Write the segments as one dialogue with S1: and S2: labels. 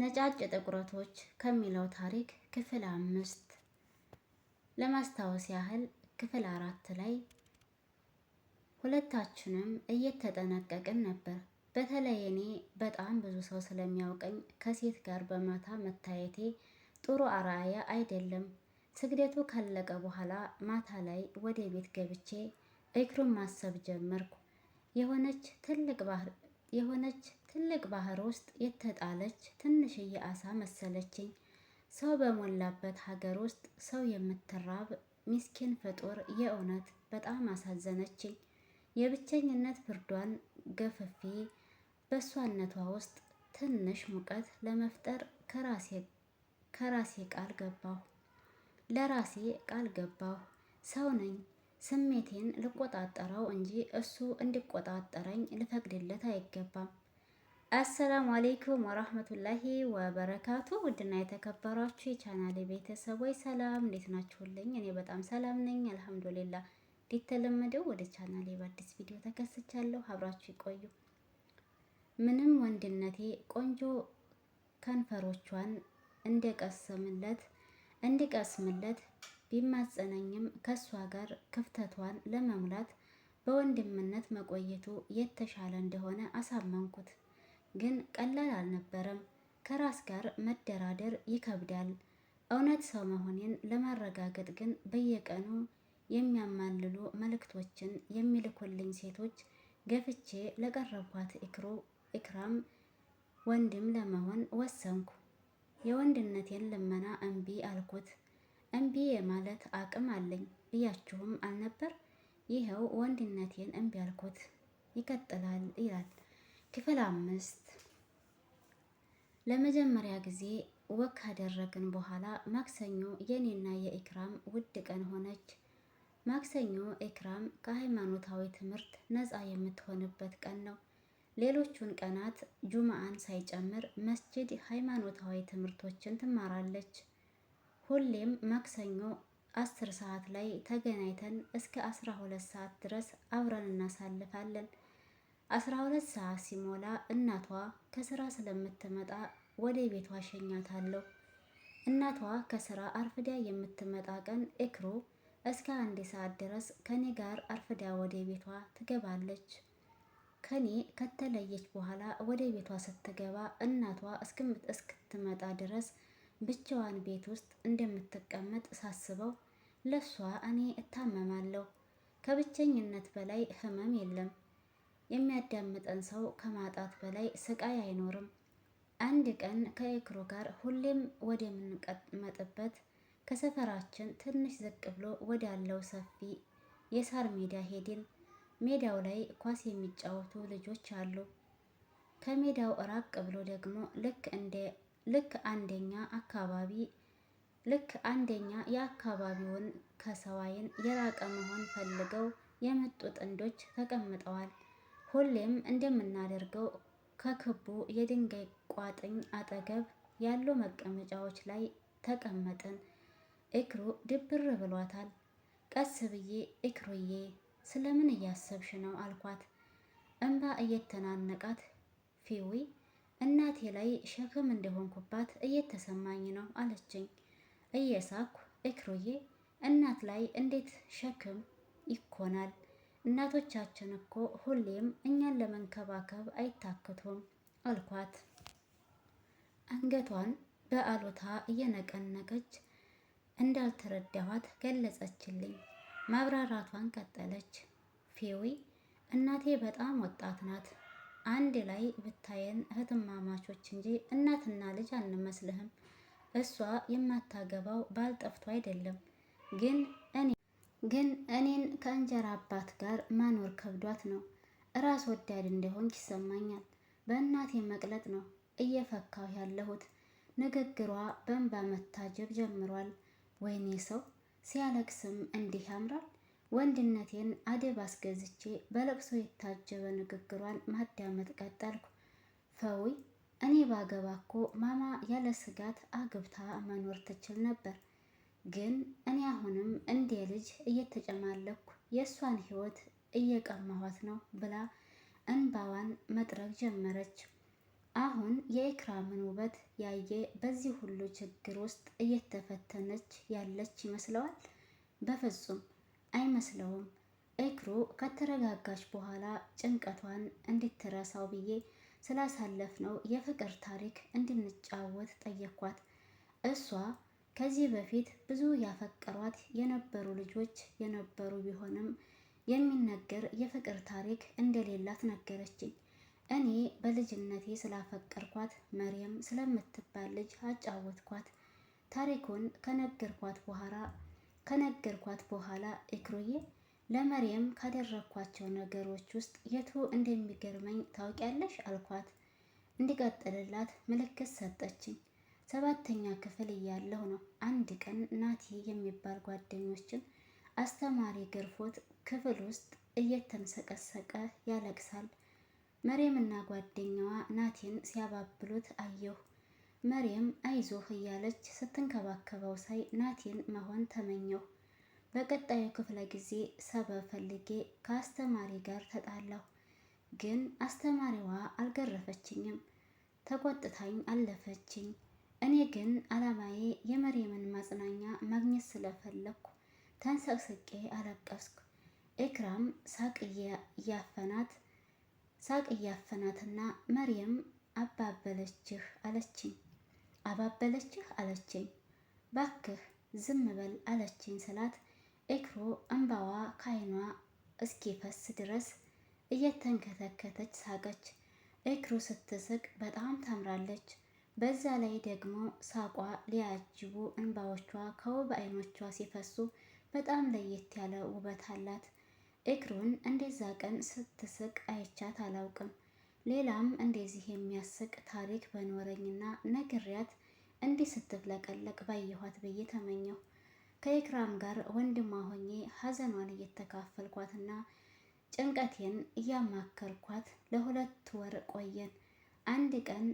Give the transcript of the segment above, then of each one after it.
S1: ነጫጭ ጥቁረቶች ከሚለው ታሪክ ክፍል አምስት ለማስታወስ ያህል ክፍል አራት ላይ ሁለታችንም እየተጠነቀቅን ነበር። በተለይ እኔ በጣም ብዙ ሰው ስለሚያውቀኝ ከሴት ጋር በማታ መታየቴ ጥሩ አርአያ አይደለም። ስግደቱ ካለቀ በኋላ ማታ ላይ ወደ ቤት ገብቼ እግሩን ማሰብ ጀመርኩ። የሆነች ትልቅ ባህር የሆነች ትልቅ ባህር ውስጥ የተጣለች ትንሽዬ አሳ መሰለችኝ። ሰው በሞላበት ሀገር ውስጥ ሰው የምትራብ ሚስኪን ፍጡር የእውነት በጣም አሳዘነችኝ። የብቸኝነት ፍርዷን ገፍፌ በእሷነቷ ውስጥ ትንሽ ሙቀት ለመፍጠር ከራሴ ቃል ገባሁ። ለራሴ ቃል ገባሁ። ሰው ነኝ፣ ስሜቴን ልቆጣጠረው እንጂ እሱ እንዲቆጣጠረኝ ልፈቅድለት አይገባም። አሰላሙ አሌይኩም ወራህመቱላሂ ወበረካቱ። ውድና የተከበሯችሁ የቻናሌ ቤተሰቦች ሰላም፣ እንዴት ናችሁልኝ? እኔ በጣም ሰላም ነኝ አልሐምዱሊላ። እንደተለመደው ወደ ቻናሌ በአዲስ ቪዲዮ ተከስቻለሁ። አብራችሁ ይቆዩ። ምንም ወንድነቴ ቆንጆ ከንፈሮቿን እንደቀሰምለት እንድቀስምለት ቢማጸነኝም ከእሷ ጋር ክፍተቷን ለመሙላት በወንድምነት መቆየቱ የተሻለ እንደሆነ አሳመንኩት። ግን ቀላል አልነበረም። ከራስ ጋር መደራደር ይከብዳል። እውነት ሰው መሆኔን ለማረጋገጥ ግን በየቀኑ የሚያማልሉ መልእክቶችን የሚልኩልኝ ሴቶች ገፍቼ ለቀረብኳት ኢክራም ወንድም ለመሆን ወሰንኩ። የወንድነቴን ልመና እምቢ አልኩት። እምቢ የማለት አቅም አለኝ ብያችሁም አልነበር? ይኸው ወንድነቴን እምቢ አልኩት። ይቀጥላል ይላል ክፍል አምስት ለመጀመሪያ ጊዜ ወክ ካደረግን በኋላ ማክሰኞ የኔና የኢክራም ውድ ቀን ሆነች። ማክሰኞ ኢክራም ከሃይማኖታዊ ትምህርት ነፃ የምትሆንበት ቀን ነው። ሌሎቹን ቀናት ጁማአን ሳይጨምር መስጂድ ሃይማኖታዊ ትምህርቶችን ትማራለች። ሁሌም ማክሰኞ አስር ሰዓት ላይ ተገናኝተን እስከ አስራ ሁለት ሰዓት ድረስ አብረን እናሳልፋለን። አስራ ሁለት ሰዓት ሲሞላ እናቷ ከስራ ስለምትመጣ ወደ ቤቷ ሸኛታለሁ። እናቷ ከስራ አርፍዳ የምትመጣ ቀን ኤክሮ እስከ አንድ ሰዓት ድረስ ከኔ ጋር አርፍዳ ወደ ቤቷ ትገባለች። ከኔ ከተለየች በኋላ ወደ ቤቷ ስትገባ እናቷ እስክትመጣ ድረስ ብቻዋን ቤት ውስጥ እንደምትቀመጥ ሳስበው ለሷ እኔ እታመማለሁ። ከብቸኝነት በላይ ህመም የለም። የሚያዳምጠን ሰው ከማጣት በላይ ስቃይ አይኖርም። አንድ ቀን ከኤክሮ ጋር ሁሌም ወደምንቀመጥበት ከሰፈራችን ትንሽ ዝቅ ብሎ ወዳለው ሰፊ የሳር ሜዳ ሄድን። ሜዳው ላይ ኳስ የሚጫወቱ ልጆች አሉ። ከሜዳው ራቅ ብሎ ደግሞ ልክ እንደ ልክ አንደኛ አካባቢ ልክ አንደኛ የአካባቢውን ከሰው አይን የራቀ መሆን ፈልገው የመጡ ጥንዶች ተቀምጠዋል። ሁሌም እንደምናደርገው ከክቡ የድንጋይ ቋጥኝ አጠገብ ያሉ መቀመጫዎች ላይ ተቀመጥን። እክሩ ድብር ብሏታል። ቀስ ብዬ እክሩዬ ስለምን እያሰብሽ ነው አልኳት። እንባ እየተናነቃት ፊዊ እናቴ ላይ ሸክም እንደሆንኩባት እየተሰማኝ ነው አለችኝ። እየሳኩ እክሩዬ እናት ላይ እንዴት ሸክም ይኮናል እናቶቻችን እኮ ሁሌም እኛን ለመንከባከብ አይታክቱም አልኳት። አንገቷን በአሉታ እየነቀነቀች እንዳልተረዳኋት ገለጸችልኝ። ማብራራቷን ቀጠለች። ፌዊ እናቴ በጣም ወጣት ናት። አንድ ላይ ብታየን እህትማማቾች እንጂ እናትና ልጅ አንመስልህም። እሷ የማታገባው ባል ጠፍቶ አይደለም ግን ግን እኔን ከእንጀራ አባት ጋር መኖር ከብዷት ነው። ራስ ወዳድ እንደሆንክ ይሰማኛል። በእናቴ መቅለጥ ነው እየፈካሁ ያለሁት። ንግግሯ በእንባ መታጀብ ጀምሯል። ወይኔ ሰው ሲያለቅስም እንዲህ ያምራል። ወንድነቴን አደብ አስገዝቼ በለቅሶ የታጀበ ንግግሯን ማዳመጥ ቀጠልኩ። ፈዊ እኔ ባገባ እኮ ማማ ያለ ስጋት አግብታ መኖር ትችል ነበር። ግን እኔ አሁንም እንዴ ልጅ እየተጨማለኩ የእሷን ሕይወት እየቀማኋት ነው ብላ እንባዋን መጥረግ ጀመረች። አሁን የኢክራምን ውበት ያየ በዚህ ሁሉ ችግር ውስጥ እየተፈተነች ያለች ይመስለዋል? በፍጹም አይመስለውም። ኤክሮ ከተረጋጋች በኋላ ጭንቀቷን እንድትረሳው ብዬ ስላሳለፍነው የፍቅር ታሪክ እንድንጫወት ጠየኳት። እሷ ከዚህ በፊት ብዙ ያፈቀሯት የነበሩ ልጆች የነበሩ ቢሆንም የሚነገር የፍቅር ታሪክ እንደሌላት ነገረችኝ። እኔ በልጅነቴ ስላፈቀርኳት መሪየም ስለምትባል ልጅ አጫወትኳት። ታሪኩን ከነገርኳት በኋላ ከነገርኳት በኋላ ኢክሩዬ ለመሪየም ካደረግኳቸው ነገሮች ውስጥ የቱ እንደሚገርመኝ ታውቂያለሽ? አልኳት። እንዲቀጥልላት ምልክት ሰጠችኝ። ሰባተኛ ክፍል እያለሁ ነው። አንድ ቀን ናቲ የሚባል ጓደኞችን አስተማሪ ገርፎት ክፍል ውስጥ እየተንሰቀሰቀ ያለቅሳል። መሬምና ጓደኛዋ ናቲን ሲያባብሉት አየሁ። መሬም አይዞህ እያለች ስትንከባከበው ሳይ ናቲን መሆን ተመኘሁ። በቀጣዩ ክፍለ ጊዜ ሰበብ ፈልጌ ከአስተማሪ ጋር ተጣላሁ። ግን አስተማሪዋ አልገረፈችኝም፣ ተቆጥታኝ አለፈችኝ። እኔ ግን አላማዬ የመርየምን ማጽናኛ ማግኘት ስለፈለኩ ተንሰቅስቄ አለቀስኩ። ኤክራም ሳቅ እያፈናት ሳቅ እያፈናትና መሪየም አባበለችህ አለችኝ አባበለችህ አለችኝ። ባክህ ዝም በል አለችኝ ስላት ኤክሮ እንባዋ ካይኗ እስኪፈስ ድረስ እየተንከተከተች ሳቀች። ኤክሮ ስትስቅ በጣም ታምራለች። በዛ ላይ ደግሞ ሳቋ ሊያጅቡ እንባዎቿ ከውብ አይኖቿ ሲፈሱ በጣም ለየት ያለ ውበት አላት። እግሩን እንደዛ ቀን ስትስቅ አይቻት አላውቅም። ሌላም እንደዚህ የሚያስቅ ታሪክ በኖረኝና ነግሪያት እንዲህ ስትፍለቀለቅ ባየኋት ብዬ ተመኘሁ። ከኢክራም ጋር ወንድሟ ሆኜ ሀዘኗን እየተካፈልኳትና ጭንቀቴን እያማከርኳት ለሁለት ወር ቆየን። አንድ ቀን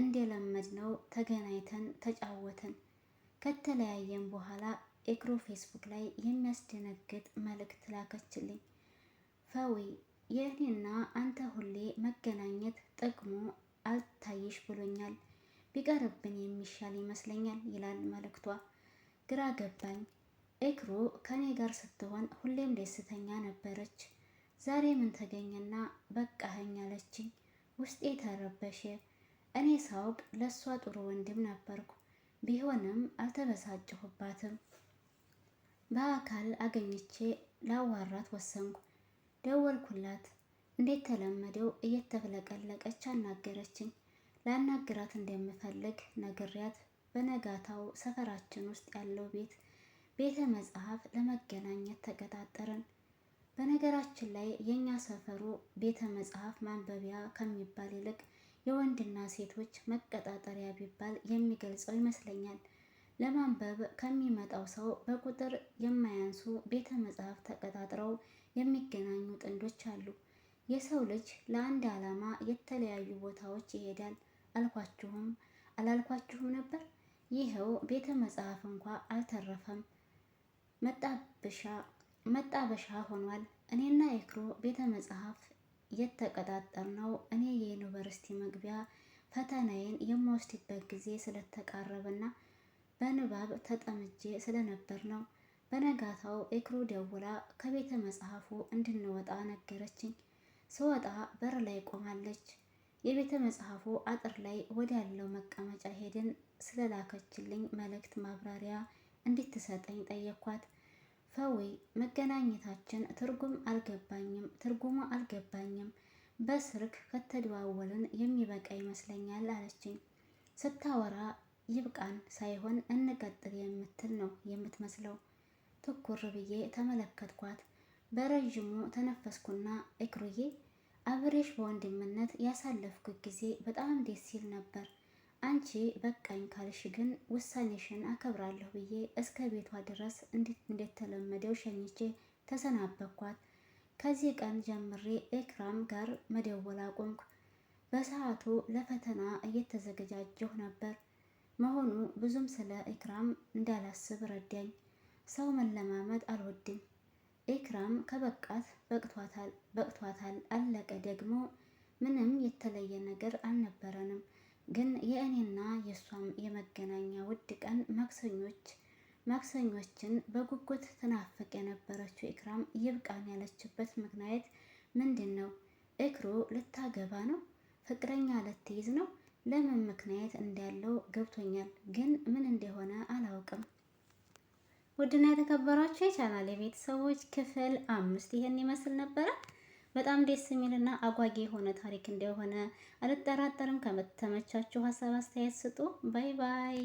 S1: እንደለመድ ነው ተገናኝተን ተጫወተን! ከተለያየን በኋላ ኤክሮ ፌስቡክ ላይ የሚያስደነግጥ መልእክት ላከችልኝ። ፈዊ የእኔና አንተ ሁሌ መገናኘት ጥቅሙ አልታይሽ ብሎኛል፣ ቢቀርብን የሚሻል ይመስለኛል ይላል መልእክቷ። ግራ ገባኝ። ኤክሮ ከኔ ጋር ስትሆን ሁሌም ደስተኛ ነበረች። ዛሬ ምን ተገኘና በቃኸኝ አለችኝ። ውስጤ ተረበሸ። እኔ ሳውቅ ለእሷ ጥሩ ወንድም ነበርኩ። ቢሆንም አልተበሳጨሁባትም። በአካል አገኝቼ ላዋራት ወሰንኩ። ደወልኩላት። እንዴት ተለመደው እየተፍለቀለቀች አናገረችኝ። ላናግራት እንደምፈልግ ነግሪያት በነጋታው ሰፈራችን ውስጥ ያለው ቤት ቤተ መጽሐፍ ለመገናኘት ተቀጣጠርን። በነገራችን ላይ የእኛ ሰፈሩ ቤተ መጽሐፍ ማንበቢያ ከሚባል ይልቅ የወንድና ሴቶች መቀጣጠሪያ ቢባል የሚገልጸው ይመስለኛል። ለማንበብ ከሚመጣው ሰው በቁጥር የማያንሱ ቤተ መጽሐፍ ተቀጣጥረው የሚገናኙ ጥንዶች አሉ። የሰው ልጅ ለአንድ ዓላማ የተለያዩ ቦታዎች ይሄዳል። አልኳችሁም አላልኳችሁም ነበር? ይኸው ቤተ መጽሐፍ እንኳ አልተረፈም፣ መጣበሻ ሆኗል። እኔና የክሮ ቤተ መጽሐፍ ነው! እኔ የዩኒቨርሲቲ መግቢያ ፈተናዬን የምወስድበት ጊዜ ስለተቃረበና በንባብ ተጠምጄ ስለነበር ነው። በነጋታው ኤክሮ ደውላ ከቤተ መጽሐፉ እንድንወጣ ነገረችኝ። ስወጣ በር ላይ ቆማለች። የቤተ መጽሐፉ አጥር ላይ ወዳለው መቀመጫ ሄድን። ስለላከችልኝ መልእክት ማብራሪያ እንድትሰጠኝ ጠየኳት። ፈዊ መገናኘታችን ትርጉም አልገባኝም ትርጉሙ አልገባኝም። በስልክ ከተደዋወልን የሚበቃ ይመስለኛል አለችኝ። ስታወራ ይብቃን ሳይሆን እንቀጥል የምትል ነው የምትመስለው። ትኩር ብዬ ተመለከትኳት። በረዥሙ ተነፈስኩና እክሩዬ አብሬሽ በወንድምነት ያሳለፍኩ ጊዜ በጣም ደስ ሲል ነበር። አንቺ በቃኝ ካልሽ ግን ውሳኔሽን አከብራለሁ ብዬ እስከ ቤቷ ድረስ እንደተለመደው ሸኝቼ ተሰናበኳት። ከዚህ ቀን ጀምሬ ኤክራም ጋር መደወል አቆምኩ። በሰዓቱ ለፈተና እየተዘገጃጀሁ ነበር መሆኑ ብዙም ስለ ኤክራም እንዳላስብ ረዳኝ። ሰው መለማመድ አልወድም። ኤክራም ከበቃት በቅቷታል፣ በቅቷታል አለቀ። ደግሞ ምንም የተለየ ነገር አልነበረንም። ግን የእኔና የእሷም የመገናኛ ውድ ቀን ማክሰኞች ማክሰኞችን በጉጉት ትናፍቅ የነበረችው ኢክራም ይብቃን ያለችበት ምክንያት ምንድን ነው? እክሩ ልታገባ ነው? ፍቅረኛ ልትይዝ ነው? ለምን ምክንያት እንዳለው ገብቶኛል፣ ግን ምን እንደሆነ አላውቅም። ውድና የተከበራችሁ የቻናል የቤተሰቦች ክፍል አምስት ይህን ይመስል ነበረ። በጣም ደስ የሚልና አጓጊ የሆነ ታሪክ እንደሆነ አልጠራጠርም። ከመተመቻችሁ ሀሳብ አስተያየት ስጡ። ባይ ባይ።